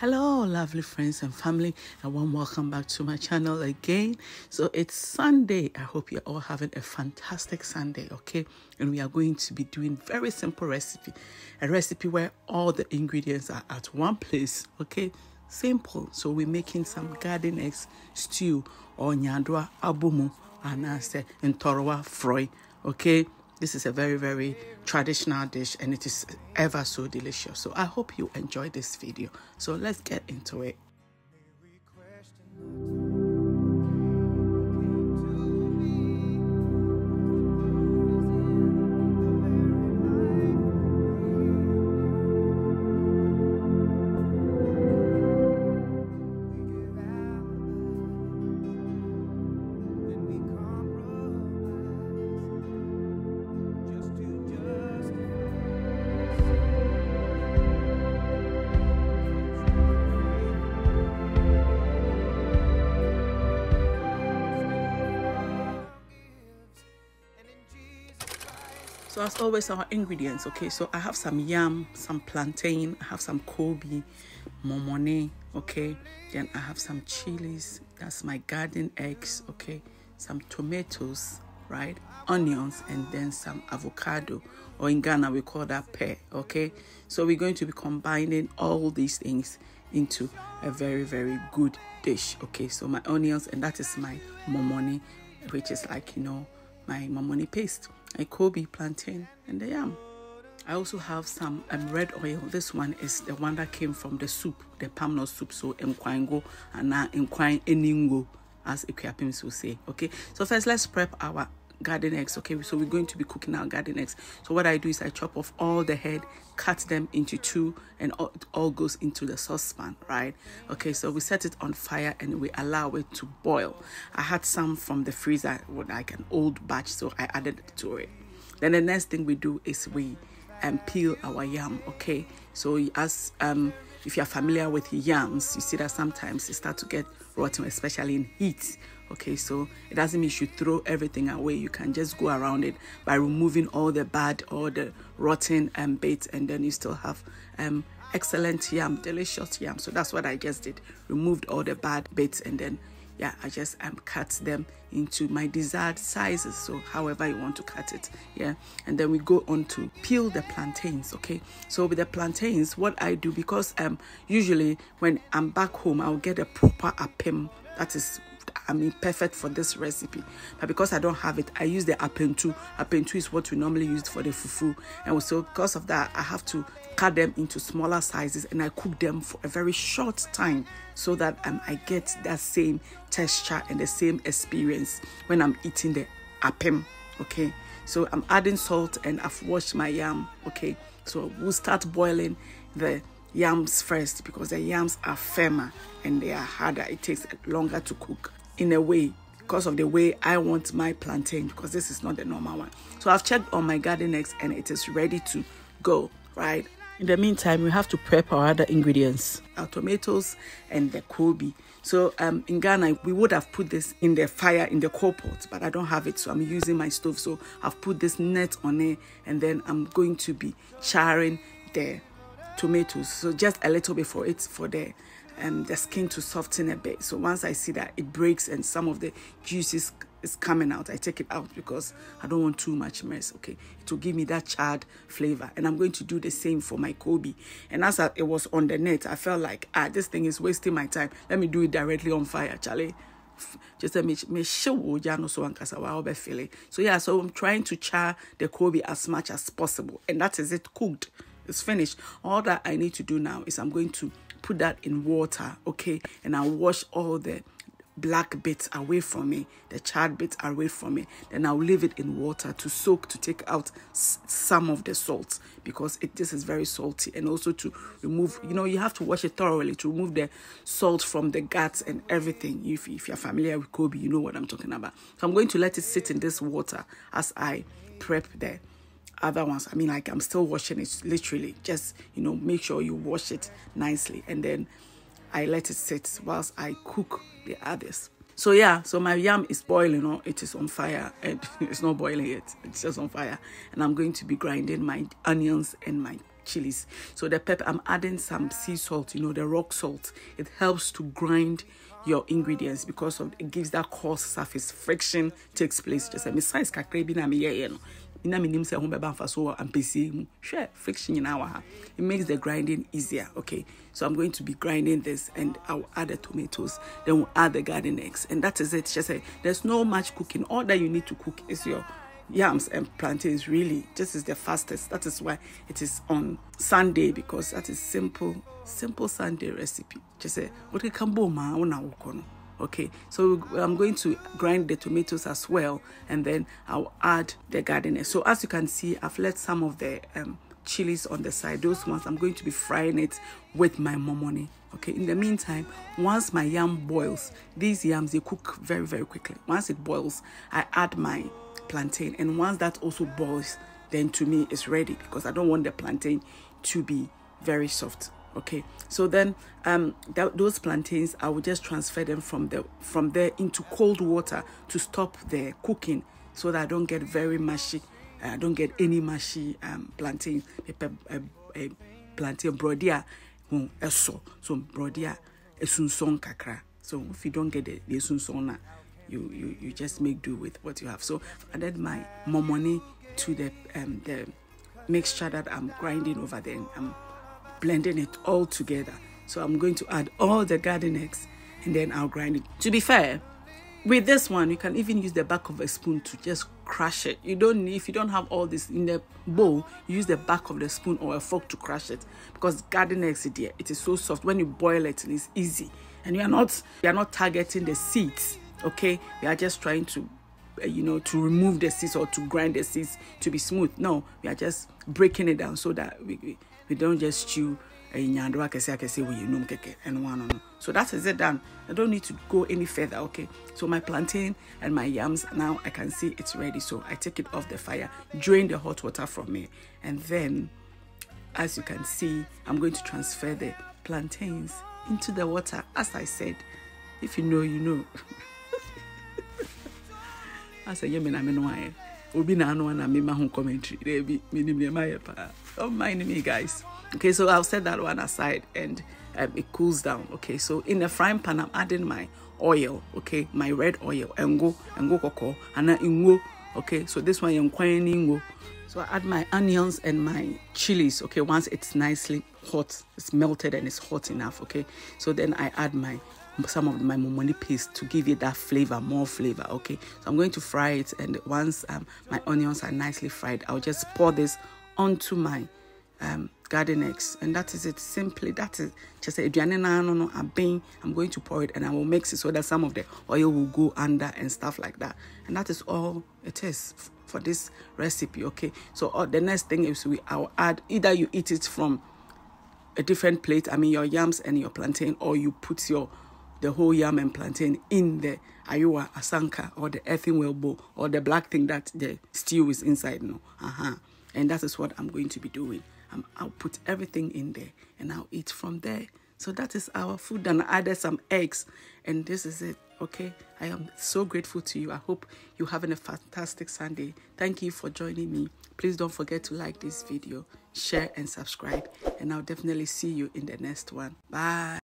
Hello, lovely friends and family. and one welcome back to my channel again. So it's Sunday. I hope you're all having a fantastic Sunday, okay? And we are going to be doing very simple recipe. A recipe where all the ingredients are at one place, okay? Simple. So we're making some garden eggs stew or nyandwa abumu and I fry, froy, okay? This is a very, very traditional dish and it is ever so delicious. So I hope you enjoy this video. So let's get into it. so as always our ingredients okay so i have some yam some plantain i have some kobe momone okay then i have some chilies that's my garden eggs okay some tomatoes right onions and then some avocado or in ghana we call that pear okay so we're going to be combining all these things into a very very good dish okay so my onions and that is my momoni which is like you know my momoni paste a Kobe plantain, and the yam. I also have some um, red oil. This one is the one that came from the soup, the palm nut soup. So nkwango and now uh, nkwan eningo, as Equiapims will say. Okay, so first let's prep our garden eggs okay so we're going to be cooking our garden eggs so what i do is i chop off all the head cut them into two and all, all goes into the saucepan right okay so we set it on fire and we allow it to boil i had some from the freezer like an old batch so i added to it then the next thing we do is we and um, peel our yam okay so as um if you are familiar with yams, you see that sometimes they start to get rotten, especially in heat. Okay, so it doesn't mean you should throw everything away. You can just go around it by removing all the bad, all the rotten um, bits, and then you still have um, excellent yam, delicious yam. So that's what I just did. Removed all the bad bits and then yeah i just um, cut them into my desired sizes so however you want to cut it yeah and then we go on to peel the plantains okay so with the plantains what i do because um usually when i'm back home i'll get a proper apim that is I'm imperfect for this recipe. But because I don't have it, I use the apentu. Apentu is what we normally use for the fufu. And so because of that, I have to cut them into smaller sizes and I cook them for a very short time so that um, I get that same texture and the same experience when I'm eating the apem, okay? So I'm adding salt and I've washed my yam, okay? So we'll start boiling the yams first because the yams are firmer and they are harder. It takes longer to cook in a way because of the way I want my plantain because this is not the normal one. So I've checked on my garden eggs and it is ready to go, right? In the meantime, we have to prep our other ingredients. Our tomatoes and the kobe. So um, in Ghana, we would have put this in the fire, in the coal pot, but I don't have it. So I'm using my stove. So I've put this net on it and then I'm going to be charring the tomatoes. So just a little bit for it for the um, the skin to soften a bit. So once I see that it breaks and some of the juices is coming out, I take it out because I don't want too much mess. Okay, it will give me that charred flavor, and I'm going to do the same for my Kobe. And as I, it was on the net, I felt like ah, this thing is wasting my time. Let me do it directly on fire, Charlie. Just me me show so ankasa feeling. So yeah, so I'm trying to char the Kobe as much as possible, and that is it cooked. It's finished. All that I need to do now is I'm going to put that in water, okay? And I wash all the black bits away from me, the charred bits away from me. Then I'll leave it in water to soak to take out some of the salt because it this is very salty and also to remove, you know, you have to wash it thoroughly to remove the salt from the guts and everything. If, if you're familiar with Kobe, you know what I'm talking about. So I'm going to let it sit in this water as I prep that other ones. I mean, like I'm still washing it literally. Just, you know, make sure you wash it nicely. And then I let it sit whilst I cook the others. So yeah, so my yam is boiling or it is on fire and it's not boiling yet. It's just on fire. And I'm going to be grinding my onions and my chilies. So the pepper, I'm adding some sea salt, you know, the rock salt. It helps to grind your ingredients because of it gives that coarse surface friction takes place. Just a size na na menim sɛ ho bɛba mfa so wɔ ampɛsie mu hwɛ friction nyinaa wɔ ha it makes the grinding easier okay so i'm going to be grinding this and i'll add the tomatoes then we'll add the garden eggs and that is it she said there's no much cooking all that you need to cook is your yams and plantains really this is the fastest that is why it is on sunday because that is simple simple sunday recipe just say what can bo ma una okay so i'm going to grind the tomatoes as well and then i'll add the garden so as you can see i've left some of the um, chilies on the side those ones i'm going to be frying it with my momoni okay in the meantime once my yam boils these yams they cook very very quickly once it boils i add my plantain and once that also boils then to me it's ready because i don't want the plantain to be very soft okay so then um th those plantains i will just transfer them from the from there into cold water to stop the cooking so that i don't get very mushy uh, i uh, don't get any mushy um plantain a, plantain brodia mm, eso so brodia esunson kakra so if you don't get the esunson you you you just make do with what you have so i added my momoni to the um the mixture that i'm grinding over there i'm blending it all together. So I'm going to add all the garden eggs and then I'll grind it. To be fair, with this one, you can even use the back of a spoon to just crush it. You don't need, if you don't have all this in the bowl, use the back of the spoon or a fork to crush it because garden eggs, dear, it is so soft. When you boil it, it is easy. And you are not, you are not targeting the seeds, okay? We are just trying to, uh, you know, to remove the seeds or to grind the seeds to be smooth. No, we are just breaking it down so that we, we we don't just chew nyandwa kese kese we num keke and one on. So that is it done. I don't need to go any further, okay? So my plantain and my yams now I can see it's ready. So I take it off the fire, drain the hot water from it, and then as you can see, I'm going to transfer the plantains into the water as I said. If you know, you know. as a yeah, I I mean, obi na ano na me mahu commentary there be me nim pa don't mind me guys okay so i'll set that one aside and um, it cools down okay so in a frying pan i'm adding my oil okay my red oil ngo ngo koko and ingo okay so this one yankwan ingo so i add my onions and my chilies okay once it's nicely hot it's melted and it's hot enough okay so then i add my some of my momoni paste to give it that flavor, more flavor, okay? So I'm going to fry it and once um, my onions are nicely fried, I'll just pour this onto my um, garden eggs and that is it simply that is just a no no am I'm going to pour it and I will mix it so that some of the oil will go under and stuff like that and that is all it is for this recipe okay so uh, the next thing is we I'll add either you eat it from a different plate I mean your yams and your plantain or you put your the whole yam and plantain in the ayua asanka or the earthen well bowl or the black thing that the stew is inside. No, uh-huh. And that is what I'm going to be doing. I'll put everything in there and I'll eat from there. So that is our food. And I added some eggs, and this is it. Okay, I am so grateful to you. I hope you're having a fantastic Sunday. Thank you for joining me. Please don't forget to like this video, share, and subscribe. And I'll definitely see you in the next one. Bye.